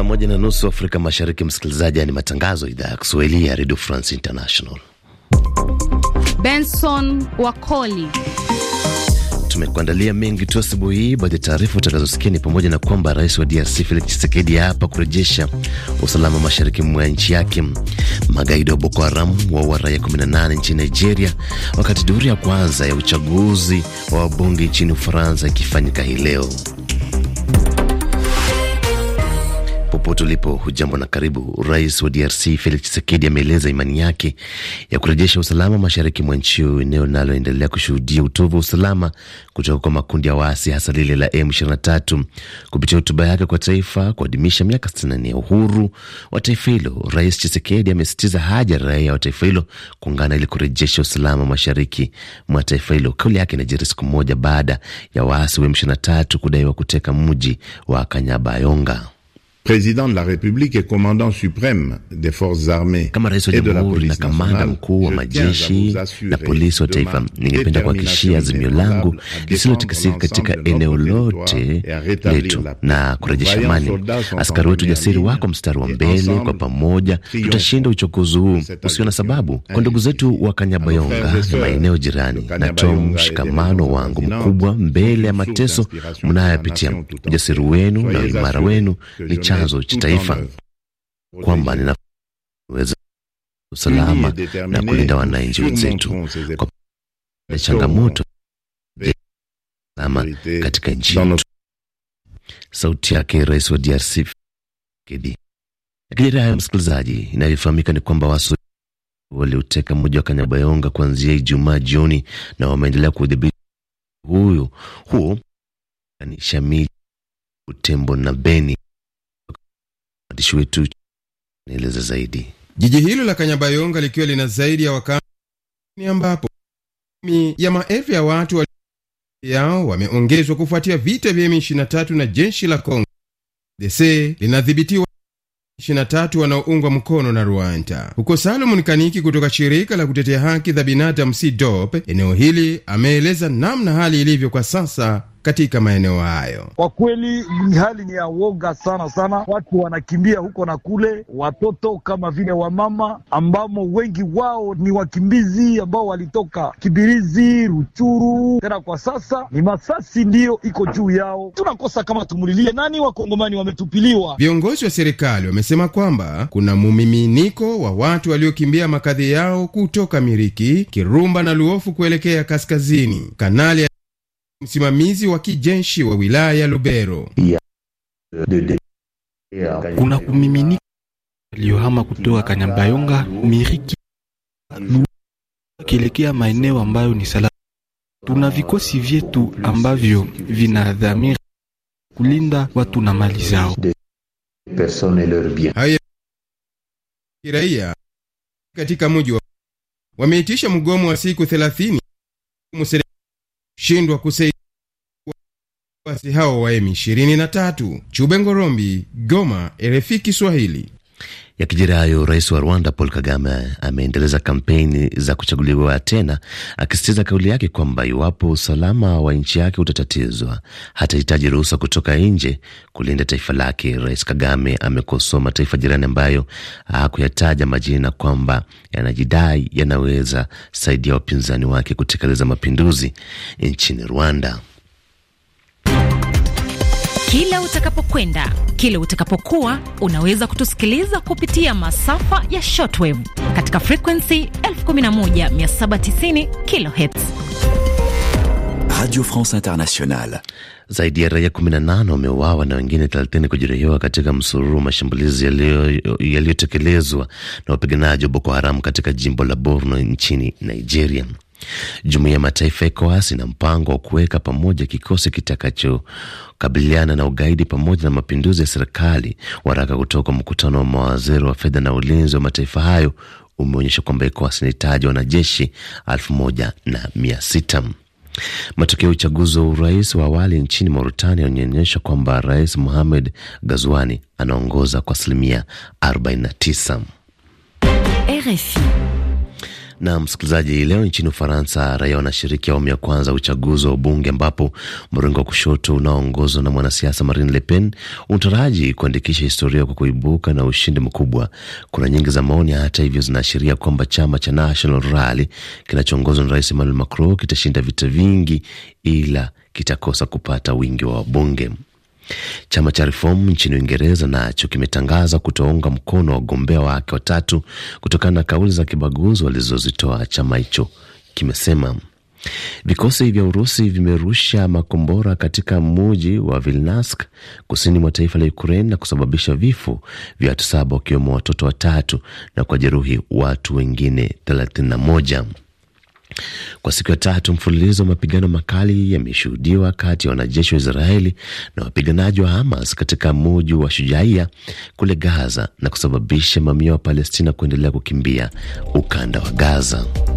saa moja na nusu Afrika Mashariki. Msikilizaji, ni matangazo idhaa ya Kiswahili ya Redio France International. Benson Wakoli tumekuandalia mengi tu asubuhi hii. Baadhi ya taarifa utakazosikia ni pamoja na kwamba rais wa DRC Felix Tshisekedi hapa kurejesha usalama mashariki mwa nchi yake, magaidi wa Boko Haram waua raia 18 nchini Nigeria, wakati duru ya kwanza ya uchaguzi wa wabunge nchini Ufaransa ikifanyika hii leo. Popote ulipo, hujambo na karibu. Rais wa DRC Felix Tshisekedi ameeleza imani yake ya kurejesha usalama mashariki mwa nchi hiyo, eneo linaloendelea kushuhudia utovu wa usalama kutoka kwa makundi ya waasi, hasa lile la M23. Kupitia hotuba yake kwa taifa kuadhimisha miaka 64 ya uhuru wa taifa hilo, Rais Tshisekedi amesisitiza haja ya raia wa taifa hilo kuungana ili kurejesha usalama mashariki mwa taifa hilo. Kauli yake inajiri siku moja baada ya waasi wa M23 kudaiwa kuteka mji wa Kanyabayonga président de la République et commandant suprême des forces armées kama rais wa jamhuri na kamanda mkuu wa majeshi na polisi wa taifa, ningependa kuhakikishia azimio langu lisilotikisika katika eneo lote letu na kurejesha amani. Askari wetu jasiri wako mstari wa mbele, kwa pamoja tutashinda uchokozi huu usio na sababu. Kwa ndugu zetu wa Kanyabayonga na maeneo jirani, natoa mshikamano wangu mkubwa mbele ya mateso mnayoyapitia. Ujasiri wenu na uimara wenu ni chanzo cha taifa kwamba ninaweza usalama na kulinda wananchi wenzetu kwa changamoto katika nchi yetu. Sauti yake rais wa DRC Kedi. Lakini raha ya msikilizaji, inayofahamika ni kwamba wasu waliuteka mmoja wa Kanyabayonga kuanzia Ijumaa jioni na wameendelea kudhibiti huyo huo kanisha miji na Beni Mwandishi wetu anaeleza zaidi. Jiji hilo la Kanyabayonga likiwa lina zaidi ya wakazi ambapo mi ya maelfu ya watu wa yao wameongezwa kufuatia vita vya M23 na jeshi la Congo DC linadhibitiwa 23 wanaoungwa mkono na Rwanda. Huko Salomon Kaniki kutoka shirika la kutetea haki za binadamu SIDOP eneo hili ameeleza namna hali ilivyo kwa sasa katika maeneo hayo. Kwa kweli ni hali ni ya woga sana sana, watu wanakimbia huko na kule, watoto kama vile wamama, ambamo wengi wao ni wakimbizi ambao walitoka Kibirizi, Ruchuru. Tena kwa sasa ni Masasi ndiyo iko juu yao. Tunakosa kama tumulilie nani, wakongomani wametupiliwa. Viongozi wa serikali wamesema kwamba kuna mumiminiko wa watu waliokimbia makadhi yao kutoka Miriki, Kirumba na Luofu kuelekea kaskazini. Kanali msimamizi wa kijeshi wa wilaya ya Lubero. Kuna kumiminika waliohama kutoka Kanyambayonga Miriki akielekea maeneo ambayo ni salama. Tuna vikosi vyetu ambavyo vinadhamiri kulinda watu na mali zao. kiraia katika mji wameitisha mgomo wa siku 30 kushindwa kusaidia wasi hao wa M23. Chube Ngorombi, Goma, RFI Kiswahili ya kijira hayo, rais wa Rwanda Paul Kagame ameendeleza kampeni za kuchaguliwa tena, akisitiza kauli yake kwamba iwapo usalama wa nchi yake utatatizwa, hatahitaji ruhusa kutoka nje kulinda taifa lake. Rais Kagame amekosoa mataifa jirani ambayo hakuyataja majina kwamba yanajidai yanaweza saidia wapinzani wake kutekeleza mapinduzi nchini Rwanda. Kila utakapokwenda, kila utakapokuwa, unaweza kutusikiliza kupitia masafa ya shortwave katika frequency 11790 kilohertz. Radio France Internationale. Zaidi ya raia 18 wameuawa na wengine 30 kujeruhiwa katika msururu wa mashambulizi yaliyotekelezwa na wapiganaji wa Boko Haram katika jimbo la Borno nchini Nigeria. Jumuiya ya Mataifa ECOWAS ina mpango wa kuweka pamoja kikosi kitakachokabiliana na ugaidi pamoja na mapinduzi ya serikali. Waraka kutoka mkutano wa mawaziri wa fedha na ulinzi wa mataifa hayo umeonyesha kwamba ECOWAS inahitaji wanajeshi elfu moja na mia sita. Matokeo ya uchaguzi wa urais wa awali nchini Mauritania yanaonyesha kwamba Rais Mohamed Gazwani anaongoza kwa asilimia 49. RFI na msikilizaji, leo nchini Ufaransa raia wanashiriki awamu ya kwanza uchaguzi wa ubunge ambapo mrengo wa kushoto unaoongozwa na mwanasiasa Marine Le Pen unataraji kuandikisha historia kwa kuibuka na ushindi mkubwa. Kuna nyingi za maoni, hata hivyo, zinaashiria kwamba chama cha National Rally kinachoongozwa na Rais Emmanuel Macron kitashinda vita vingi, ila kitakosa kupata wingi wa wabunge. Chama cha Reform nchini Uingereza nacho kimetangaza kutounga mkono wagombea wake watatu kutokana na kauli za kibaguzi walizozitoa. Chama hicho kimesema vikosi vya Urusi vimerusha makombora katika muji wa Vilnask kusini mwa taifa la Ukraine na kusababisha vifo vya watu saba wakiwemo watoto watatu na kujeruhi watu wengine 31. Kwa siku ya tatu mfululizo wa mapigano makali yameshuhudiwa kati ya wanajeshi wa Israeli na wapiganaji wa Hamas katika muji wa shujaia kule Gaza na kusababisha mamia wa Palestina kuendelea kukimbia ukanda wa Gaza.